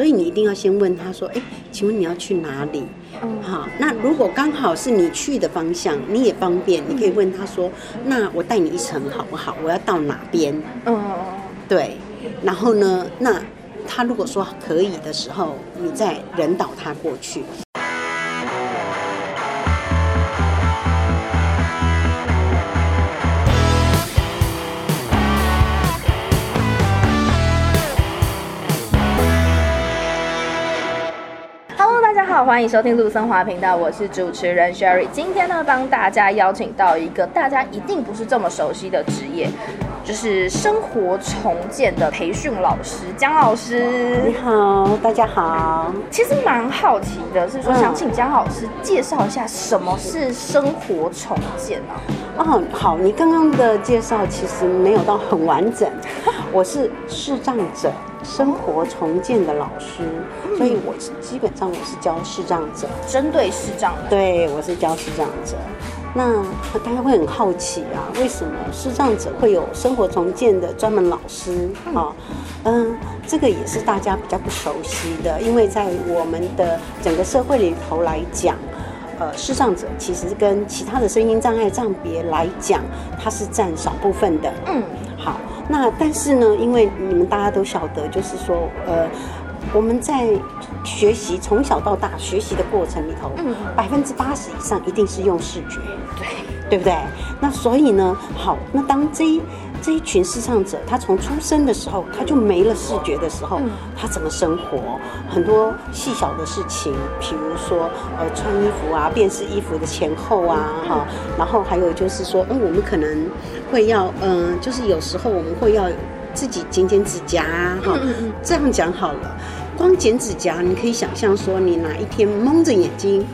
所以你一定要先問他說：“誒、欸，請問你要去哪裡？好，那如果剛好是你去的方向，你也方便，你可以問他說：‘那我帶你一程好不好？我要到哪邊？’哦哦。對，然後呢，那他如果說可以的時候，你再引導他過去。”歡迎收聽路森華頻道，我是主持人 Sherry。今天呢，幫大家邀請到一個大家一定不是這麼熟悉的職業，就是生活重建的培訓老師江老師。你好，大家好。其實蠻好奇的，是說、嗯、想請江老師介紹一下什麼是生活重建啊？嗯，好，你剛剛的介紹其實沒有到很完整。我是視障者。生活重建的老師，嗯、所以我是基本上我是教視障者，針對視障，對，我是教視障者。那大家會很好奇啊，為什麼視障者會有生活重建的專門老師啊？嗯、哦、呃，這個也是大家比較不熟悉的，因為在我們的整個社會裡頭來講，呃，視障者其實跟其他的聲音障礙障別來講，它是占少部分的。嗯。好，那但是呢，因為你們大家都曉得，就是說，呃，我們在學習從小到大學習的過程裡頭，百分之八十以上一定是用視覺，對，對不對？那所以呢，好，那當這一這一群視障者他從出生的時候他就沒了視覺的時候，他怎麼生活？很多細小的事情，比如說，呃，穿衣服啊，辨識衣服的前後啊，哈，然後還有就是說，嗯，我們可能。會要嗯、呃，就是有時候我們會要自己剪剪指甲哈、啊哦嗯，這樣講好了。光剪指甲，你可以想象說，你哪一天蒙着眼睛，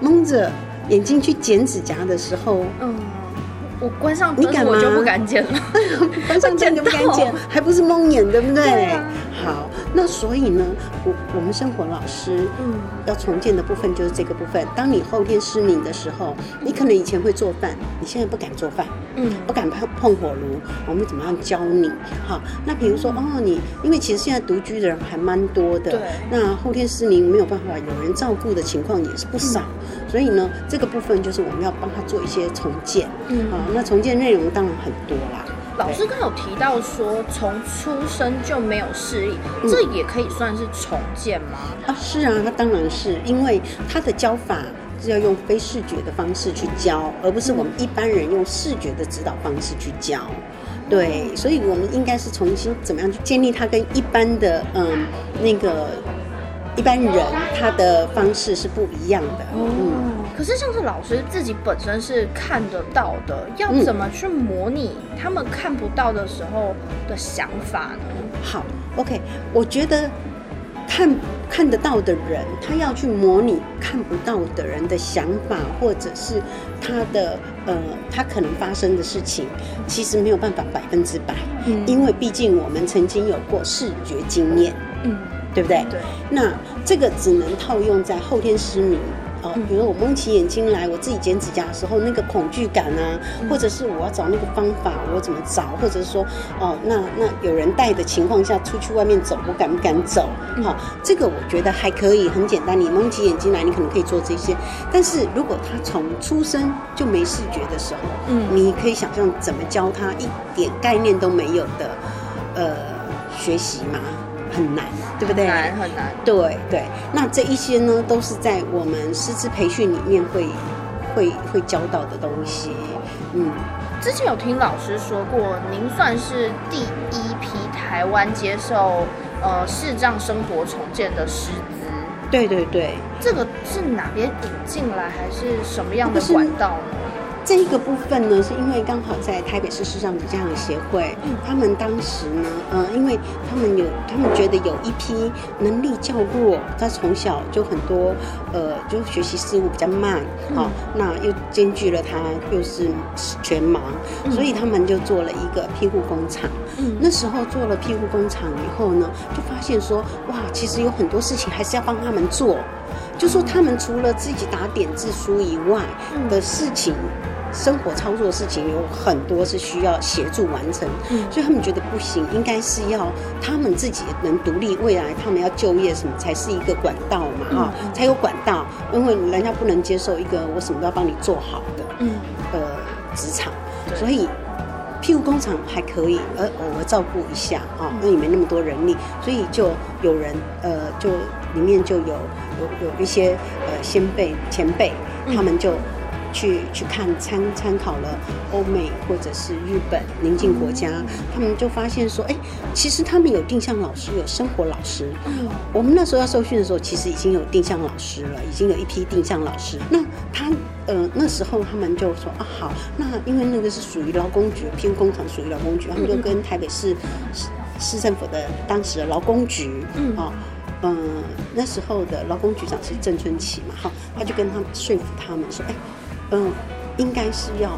蒙着眼睛去剪指甲的時候，嗯，我關上燈，你敢嗎？我就不敢剪了。 關上燈就不敢剪，剪，還不是蒙眼對不對？對啊，好。那所以呢，我我們生活老師要重建的部分就是這個部分。當你後天失明的時候，你可能以前會做飯，你現在不敢做飯，嗯，不敢碰碰火爐。我們怎麼樣教你？哈，那比如說、嗯、哦，你因為其實現在獨居的人還蠻多的，對、那後天失明沒有辦法有人照顧的情況也是不少、嗯，所以呢，這個部分就是我們要幫他做一些重建，嗯啊，那重建內容當然很多啦。老師剛有提到說，從出生就沒有視力、嗯，這也可以算是重建嗎？啊，是啊，那當然是，因為他的教法是要用非視覺的方式去教，而不是我們一般人用視覺的指導方式去教。嗯、對，所以我們應該是重新怎麼樣去建立他跟一般的嗯那個一般人他的方式是不一樣的。嗯。嗯可是，像是老師自己本身是看得到的，要怎麼去模擬他們看不到的時候的想法呢？嗯，好，OK，我覺得看看得到的人，他要去模擬看不到的人的想法，或者是他的呃他可能發生的事情，其實沒有辦法百分之百，嗯，因為畢竟我們曾經有過視覺經驗，嗯，對不對？對，那這個只能套用在後天失明。哦，比如說我蒙起眼睛來，我自己剪指甲的時候，那個恐懼感啊，或者是我要找那個方法，我怎麼找，或者說，哦，那那有人帶的情況下出去外面走，我敢不敢走？哈，哦，這個我覺得還可以，很簡單。你蒙起眼睛來，你可能可以做這些。但是如果他從出生就沒視覺的時候，嗯，你可以想象怎麼教他一點概念都沒有的，呃，學習嗎？很難，對不對？很難很難。對對，那這一些呢，都是在我們師資培訓裡面會會會教到的東西。嗯，之前有聽老師說過，您算是第一批台灣接受呃視障生活重建的師資。對對對。這個是哪邊引進來，還是什麼樣的管道呢？啊這一個部分呢，是因為剛好在台北市視障的家長協會，嗯，他們當時呢，嗯、呃，因為他們有，他們覺得有一批能力較弱，他從小就很多，呃，就學習事物比較慢，嗯，好，那又兼具了他又是全盲，嗯，所以他們就做了一個庇護工廠，嗯。那時候做了庇護工廠以後呢，就發現說，哇，其實有很多事情還是要幫他們做。就說他們除了自己打點字書以外的事情，嗯，生活操作的事情有很多是需要協助完成，嗯，所以他們覺得不行，應該是要他們自己能獨立，未來他們要就業什麼才是一個管道嘛，啊、嗯哦，才有管道，因為人家不能接受一個我什麼都要幫你做好的，嗯、呃，職場，所以庇護工廠還可以，呃，偶爾照顧一下啊，那、哦、也沒那麼多人力，所以就有人呃就。裡面就有有有一些呃先輩前輩，他們就去去看參參考了歐美或者是日本鄰近國家、嗯，他們就發現說，哎、欸，其實他們有定向老師，有生活老師。嗯，我們那時候要受訓的時候，其實已經有定向老師了，已經有一批定向老師。那他呃那時候他們就說啊好，那因為那個是屬於勞工局偏工廠屬於勞工局，他們就跟台北市市政府的當時的勞工局嗯、哦嗯，那時候的勞工局長是鄭村棋嘛，哈，他就跟他們說服他們說，哎、欸，嗯，應該是要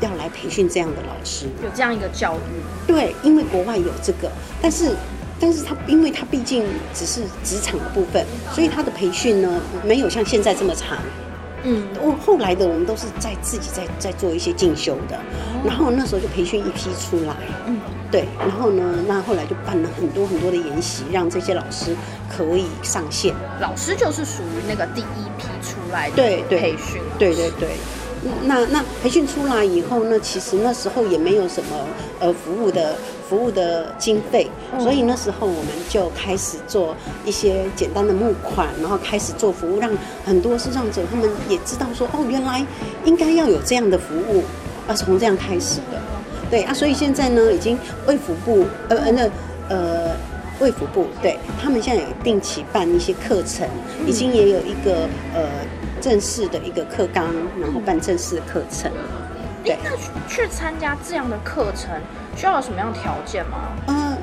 要來培訓這樣的老師，有這樣一個教育，對，因為國外有這個，但是但是他因為他畢竟只是職場的部分，所以他的培訓呢，沒有像現在這麼長，嗯，我後來的我們都是在自己在在做一些進修的，然後那時候就培訓一批出來，嗯。對，然後呢，那後來就辦了很多很多的研習，讓這些老師可以上線。老師就是屬於那個第一批出來的對，對培訓，培訓，對對對。嗯、那那培訓出來以後呢，其實那時候也沒有什麼呃服務的服務的經費，嗯，所以那時候我們就開始做一些簡單的募款，然後開始做服務，讓很多視障者他們也知道說哦，原來應該要有這樣的服務，而、啊、從這樣開始的。對啊，所以現在呢，已經衛福部呃呃那呃，呃衛福部對，他們現在有定期辦一些課程，已經也有一個呃正式的一個課綱，然後辦正式的課程。嗯、對，那去，去參加這樣的課程需要有什麼樣的條件嗎？嗯、呃。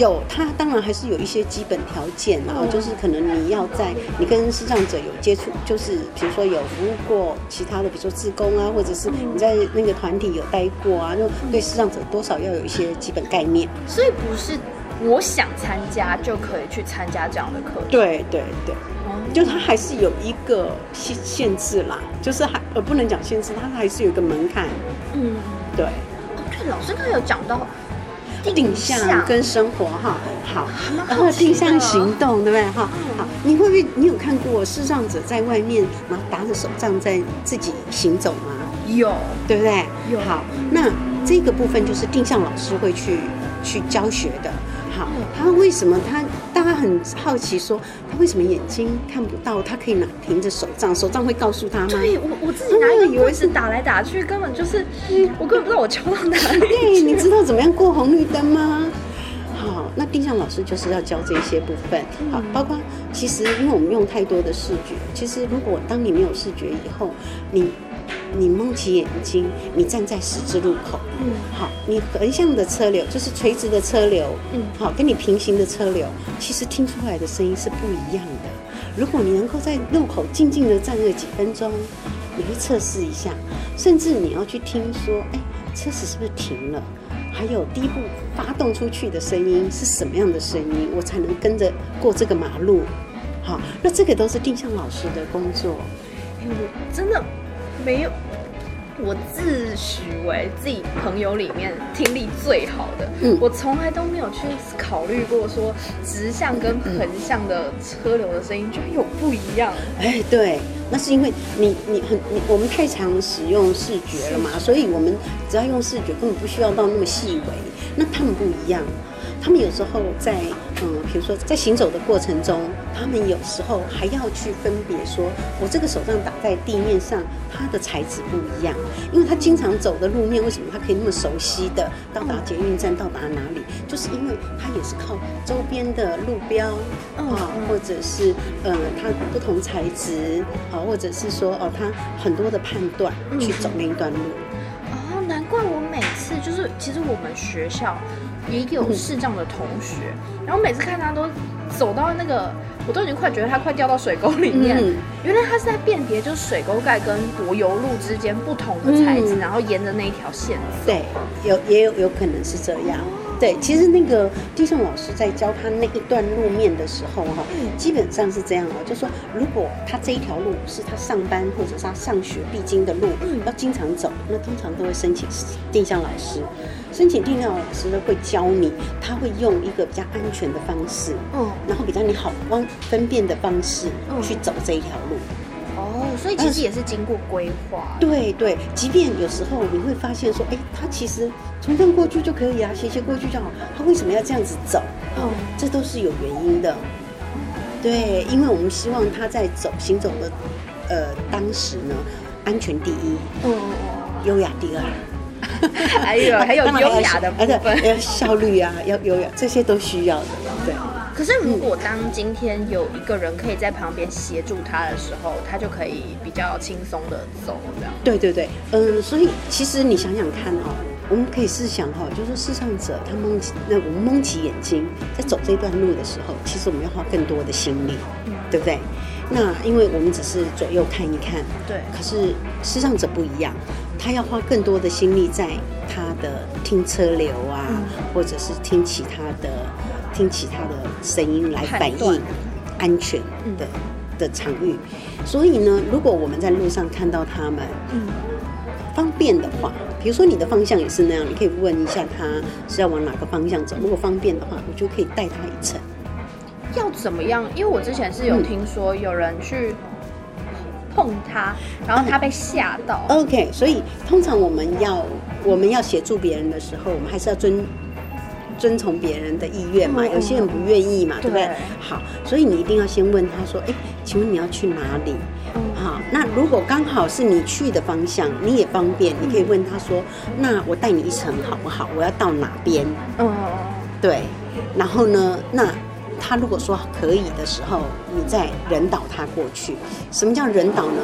有，它當然還是有一些基本條件，然後就是可能你要在你跟視障者有接觸，就是比如說有服務過其他的，比如說志工啊，或者是你在那個團體有待過啊，就對視障者多少要有一些基本概念。所以不是我想參加就可以去參加這樣的課，對對對，就它還是有一個限限制啦，就是還呃不能講限制，它還是有一個門檻。嗯，對、哦，對，老師他有講到。定向跟生活哈，好，好，好，然後定向行動對不對哈，好，好，你會不會，你有看過視障者在外面然後打著手杖在自己行走嗎？有對不對？有，好，那這個部分就是定向老師會去去教學的，好，他為什麼他？他很好奇說，說他為什麼眼睛看不到？他可以拿憑着手杖，手杖會告訴他嗎？對，我我自己拿以為是打來打去，嗯、根本就是，是我根本不知道我敲到哪裡。對，你知道怎麼樣過紅綠燈嗎？好，那定向老師就是要教這一些部分。好，包括其實因為我們用太多的視覺，其實如果當你沒有視覺以後，你。你蒙起眼睛，你站在十字路口，嗯，好，你橫向的車流就是垂直的車流，嗯，好，跟你平行的車流，其實聽出來的聲音是不一樣的。如果你能夠在路口靜靜的站個幾分鐘，你去測試一下，甚至你要去聽說，哎，車子是不是停了？還有第一步發動出去的聲音是什麼樣的聲音？我才能跟着過這個馬路。好，那這個都是定向老師的工作，嗯，真的。沒有，我自詡為自己朋友裡面聽力最好的，嗯、我從來都沒有去考慮過說，直向跟橫向的車流的聲音居然有不一樣，嗯嗯。哎，對，那是因為你你很你，我們太常使用視覺了嘛，所以我們只要用視覺，根本不需要到那麼細微。那他們不一樣。他們有時候在，嗯、呃，比如說在行走的過程中，他們有時候還要去分別說，我這個手杖打在地面上，它的材質不一樣，因為他經常走的路面，為什麼他可以那麼熟悉的到達捷運站，到達哪裡？就是因為他也是靠周邊的路標啊、呃，或者是呃，它不同材質啊、呃，或者是說哦、呃，它很多的判斷去走那一段路。其實我們學校也有視障的同學、嗯，然後每次看他都走到那個，我都已經快覺得他快掉到水溝裡面、嗯。原來他是在辨別就是水溝蓋跟柏油路之間不同的材質、嗯，然後沿着那一條線。對，有也有有可能是這樣。對，其實那個定向老師在教他那一段路面的時候、啊，哈，基本上是這樣哦、啊，就是、說如果他這一條路是他上班或者是他上學必經的路，嗯、要經常走，那通常都會申請定向老師，申請定向老師呢會教你，他會用一個比較安全的方式，嗯，然後比較你好方分辨的方式去走這一條路。所以其實也是經過規劃、啊。對對，即便有時候你會發現說，哎、欸，他其實從這樣過去就可以啊，斜斜過去就好，他為什麼要這樣子走？哦，這都是有原因的。對，因為我們希望他在走行走的，呃，當時呢，安全第一，哦、嗯，優、嗯嗯、雅第二，還、 哎、有還有優雅的還有、啊、效率啊，要優雅，這些都需要的，對。可是，如果當今天有一個人可以在旁邊協助他的時候、嗯，他就可以比較輕鬆的走這樣。對對對，嗯，所以其實你想想看哦，我們可以試想哈、哦，就說視障者他蒙起那我們蒙起眼睛，在走這段路的時候，其實我們要花更多的心力、嗯，對不對？那因為我們只是左右看一看，對。可是視障者不一樣，他要花更多的心力在他的聽車流啊，嗯、或者是聽其他的。聽其他的聲音來反映安全的的、的、嗯、的場域，所以呢，如果我們在路上看到他們、嗯、方便的話，比如說你的方向也是那樣，你可以問一下他是要往哪個方向走。嗯、如果方便的話，我就可以帶他一程。要怎麼樣？因為我之前是有聽說有人去碰他，嗯、然後他被嚇到、嗯。OK，所以通常我們要、嗯、我們要協助別人的時候，我們還是要尊。遵從別人的意願嘛，有些人不願意嘛、嗯，對不對？好，所以你一定要先問他說，誒，請問你要去哪裡？嗯、好，那如果剛好是你去的方向，你也方便，你可以問他說，嗯、那我帶你一程好不好？我要到哪邊？哦、嗯，對。然後呢，那他如果說可以的時候，你再人導他過去。什麼叫人導呢？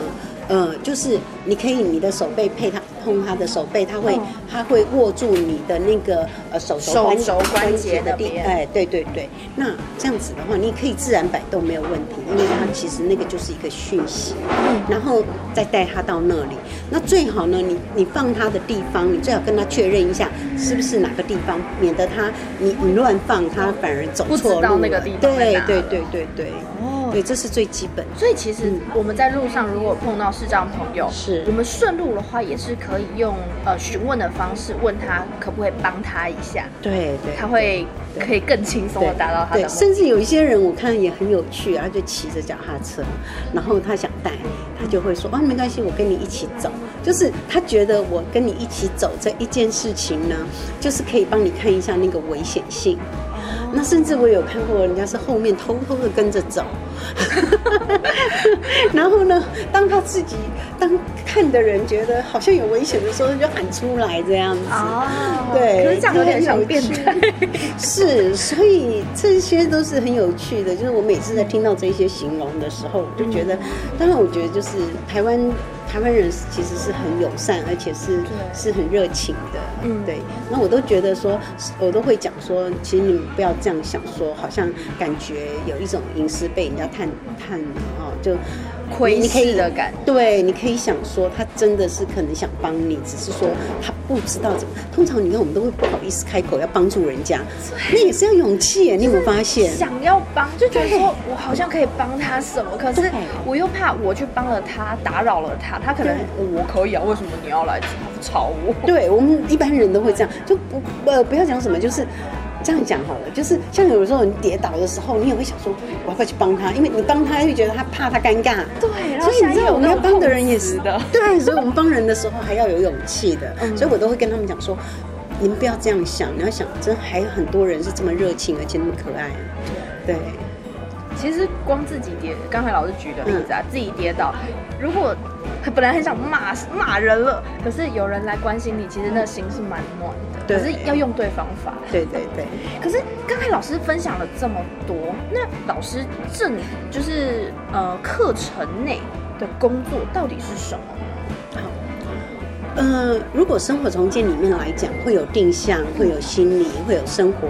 呃，就是你可以你的手背配他碰他的手背，他會、哦、他會握住你的那個呃手手，手關節的地點，哎，對對對。那這樣子的話，你可以自然擺動沒有問題，因為它其實那個就是一個訊息、嗯，然後再帶他到那裡。那最好呢，你你放他的地方，你最好跟他確認一下是不是哪個地方，免得他你你亂放，他反而走錯到那個地方對。對對對對對。哦對，這是最基本的。所以其實我們在路上如果碰到視障朋友，是我們順路的話，也是可以用呃詢問的方式問他可不可以幫他一下。對對，他會可以更輕鬆的達到他的對對對。對，甚至有一些人，我看也很有趣，啊，就騎着腳踏車，然後他想帶，他就會說啊、哦、沒關係，我跟你一起走。就是他覺得我跟你一起走這一件事情呢，就是可以幫你看一下那個危險性。那甚至我有看過，人家是後面偷偷的跟着走 然後呢，當他自己當看的人覺得好像有危險的時候，他就喊出來這樣子。哦、對，可是這樣有點小變態。是，所以這些都是很有趣的。就是我每次在聽到這些形容的時候，我就覺得、嗯，當然我覺得就是台灣台灣人其實是很友善，而且是是很熱情的。嗯，對。那我都覺得說，我都會講說，其實你們不要。這樣想說，好像感覺有一種隱私被人家探探，啊、哦，就窺視的感覺。對，你可以想說，他真的是可能想幫你，只是說他不知道怎麼。通常你看，我們都會不好意思開口要幫助人家，那也是要勇氣哎，你有沒有發現？想要幫就覺得說我好像可以幫他什麼，可是我又怕我去幫了他，打擾了他。他可能我可以啊，為什麼你要來吵我，我？對，我們一般人都會這樣，就不、嗯、呃不要講什麼，就是。這樣講好了，就是像有時候你跌倒的時候，你也會想說，我要不要去幫他？因為你幫他又覺得他怕，他尷尬。對，所以你知道我們要幫的人也是的。對，所以我們幫人的時候還要有勇氣的。嗯， 所以我都會跟他們講說，你們不要這樣想，你要想，真還有很多人是這麼熱情而且那麼可愛。對。其實光自己跌，剛才老師舉的例子啊，自己跌倒，如果他本來很想罵罵人了，可是有人來關心你，其實那心是蠻暖的。可是要用對方法。對，對對對。可是剛才老師分享了這麼多，那老師這裡就是呃課程內的工作到底是什麼？好，呃，如果生活重建裡面來講，會有定向，會有心理，會有生活。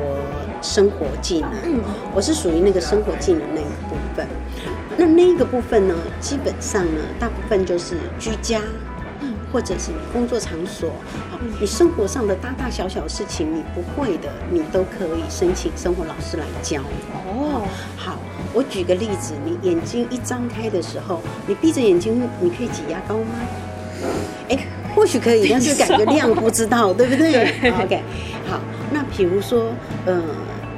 生活技能，我是屬於那個生活技能那一部分。那那一個部分呢？基本上呢，大部分就是居家，或者是你工作場所，你生活上的大大小小的事情，你不會的，你都可以申請生活老師來教。哦，好，我舉個例子，你眼睛一張開的時候，你閉着眼睛，你可以擠牙膏嗎？欸。或許可以，但是感覺量不知道，對不對？對。OK，好。那比如說，呃，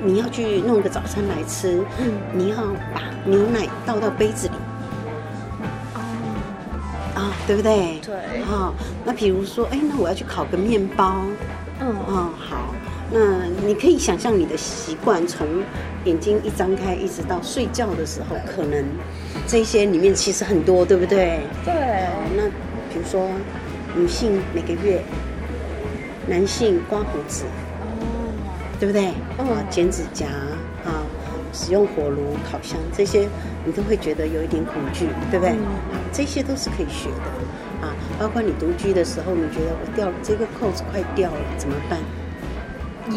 你要去弄個早餐來吃，嗯、你要把牛奶倒到杯子裡。哦、嗯，啊、嗯嗯，對不對？對。那比如說，哎，那我要去烤個麵包。嗯。哦、嗯，好。那你可以想象你的習慣，從眼睛一張開，一直到睡覺的時候，嗯、可能這些裡面其實很多，對不對？對、哦嗯。那比如說。女性每個月，男性刮鬍子，對不對？我、oh. 剪指甲啊，使用火爐、烤箱這些，你都會覺得有一點恐懼，對不對？Oh. 啊、這些都是可以學的啊。包括你獨居的時候，你覺得我掉了這個扣子，快掉了，怎麼辦？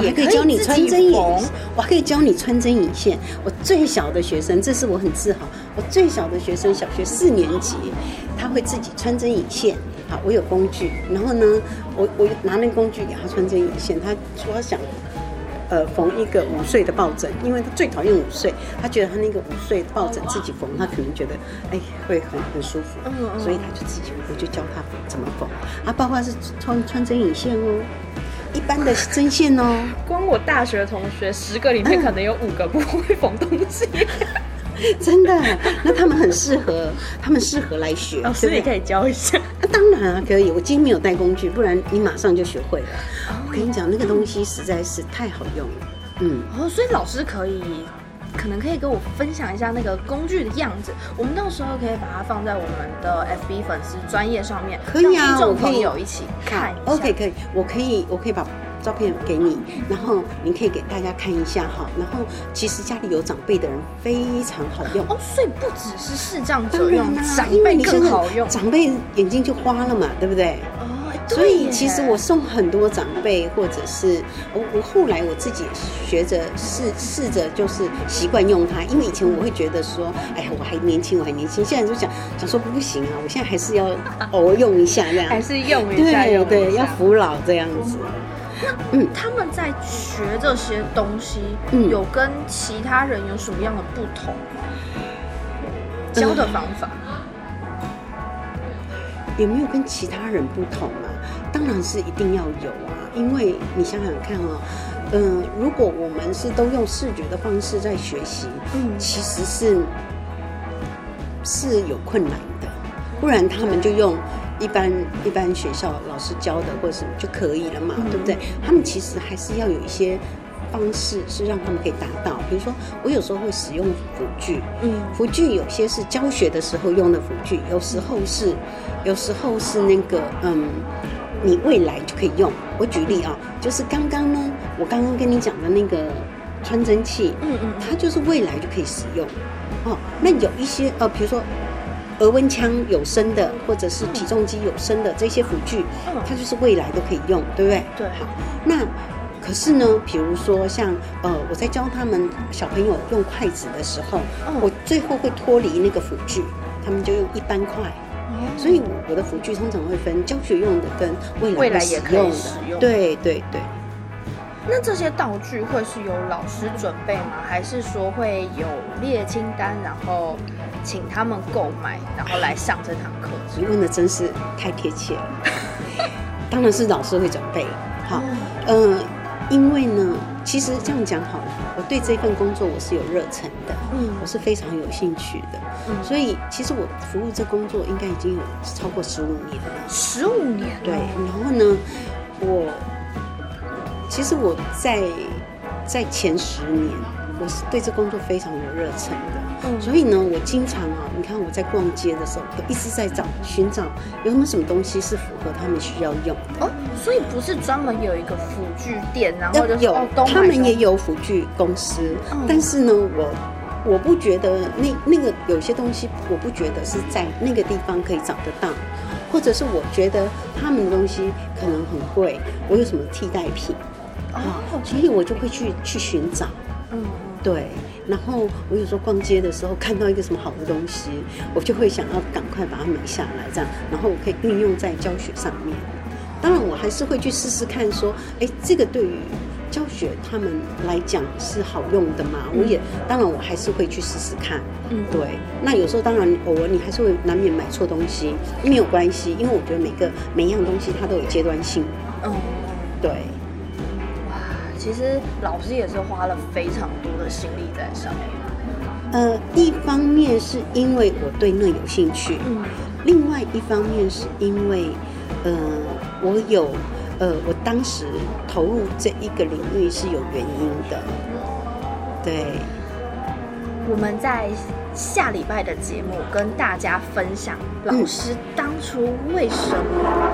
也可以教你穿針引線。我可以教你穿針引線。我最小的學生，這是我很自豪。我最小的學生，小學四年級，他會自己穿針引線。好，我有工具，然後呢，我我拿那個工具給他穿針引線。他說他想，呃，縫一個午睡的抱枕，因為他最討厭午睡，他覺得他那個午睡抱枕自己縫，他可能覺得哎會很很舒服，嗯，嗯，所以他就自己，我就教他怎麼縫。啊，包括是穿穿針引線哦，一般的針線哦。光我大學的同學十個裡面可能有五個不會縫東西。啊，真的，那他們很適合，他們適合來學，所以你可以教一下。嗯，可以。我今天沒有帶工具，不然你馬上就學會了。Oh yeah. 我跟你講，那個東西實在是太好用了。嗯，哦、oh，所以老師可以，可能可以跟我分享一下那個工具的樣子。我們到時候可以把它放在我們的 FB 粉絲專頁上面，可以讓、啊、聽眾朋友一起看一下。OK，可以，我可以，我可以把，照片給你，然後您可以給大家看一下哈。然後其實家裡有長輩的人非常好用哦，所以不只是視障族用，當然啊，長輩更好用。長輩眼睛就花了嘛，對不對？哦，對。所以其實我送很多長輩，或者是我我後來我自己學着試試着，就是習慣用它。因為以前我會覺得說，哎呀，我還年輕，我還年輕。現在就想想說不行啊，我現在還是要偶爾用一下這樣，還是用一下，對對，要扶老這樣子。他們在學這些東西，有跟其他人有什麼樣的不同？嗯、教的方法有沒有跟其他人不同啊？當然是一定要有啊，因為你想想看啊、哦，嗯、呃，如果我們是都用視覺的方式在學習，嗯，其實是是有困難的，不然他們就用。一般一般學校老師教的或者什麼就可以了嘛，嗯，對不對？他們其實還是要有一些方式是讓他們可以達到。比如說，我有時候會使用輔具，嗯，輔具有些是教學的時候用的輔具，有時候是，嗯，有時候是那個，嗯，你未來就可以用。我舉例啊，就是剛剛呢，我剛剛跟你講的那個穿針器，嗯嗯，它就是未來就可以使用。哦，那有一些呃，比如說。額溫槍有聲的，或者是體重機有聲的、嗯、這些輔具，它就是未來都可以用，對不對？對。好，那可是呢，比如說像呃，我在教他們小朋友用筷子的時候，嗯、我最後會脫離那個輔具，他們就用一般筷。嗯、所以我的輔具通常會分教學用的跟未來，未來也可以使用的，對對對。那這些道具會是由老師準備嗎？還是說會有列清單，然後？請他們購買，然後來上這堂課。你問的真是太貼切了。 當然是老師會準備。好，嗯，呃、因為呢，其實這樣講好了，我對這份工作我是有熱忱的，嗯、我是非常有興趣的。嗯、所以，其實我服務這工作應該已經有超過十五年了。十五年對。對。然後呢，我其實我在在前十年，我是對這工作非常有熱忱的。嗯、所以呢，我經常啊，你看我在逛街的時候，都一直在找尋找有沒有什麼東西是符合他們需要用的哦。所以不是專門有一個輔具店，然後就、啊、有他們也有輔具公司，嗯、但是呢，我我不覺得那那個有些東西，我不覺得是在那個地方可以找得到，或者是我覺得他們東西可能很貴，我有什麼替代品、哦、啊，okay. 所以我就會去去尋找，嗯，對。然後我有時候逛街的時候，看到一個什麼好的東西，我就會想要趕快把它買下來，這樣然後我可以運用在教學上面。當然我還是會去試試看說，說誒這個對於教學他們來講是好用的嘛、嗯？我也當然我還是會去試試看。嗯，對。那有時候當然偶爾你還是會難免買錯東西，沒有關係，因為我覺得每個每一樣東西它都有階段性。嗯、哦。其實老師也是花了非常多的心力在上面的。呃，一方面是因為我對那有興趣，嗯，另外一方面是因為，呃，我有，呃，我當時投入這一個領域是有原因的。對，我們在下禮拜的節目跟大家分享老師當初為什麼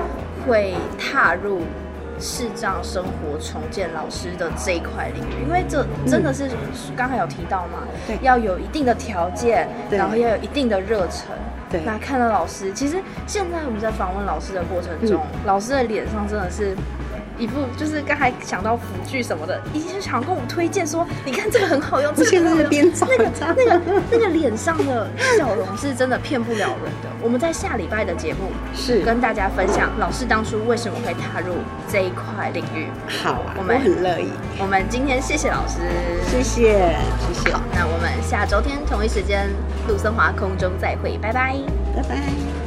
會踏入。視障生活重建老師的這一塊領域，因為這真的是、嗯、剛才有提到嘛，對，要有一定的條件，對，然後要有一定的熱忱，對，那看到老師，其實現在我們在訪問老師的過程中，嗯、老師的臉上真的是。一副就是剛才想到輔具什麼的，已經想跟我們推薦說，你看這個很好用，這個是那個那個那個臉上的笑容是真的騙不了人的。 我們在下禮拜的節目是跟大家分享、嗯、老師當初為什麼會踏入這一塊領域。好、啊，我們我很樂意。我們今天謝謝老師，謝謝謝謝。那我們下周天同一時間路森華空中再會，拜拜，拜拜。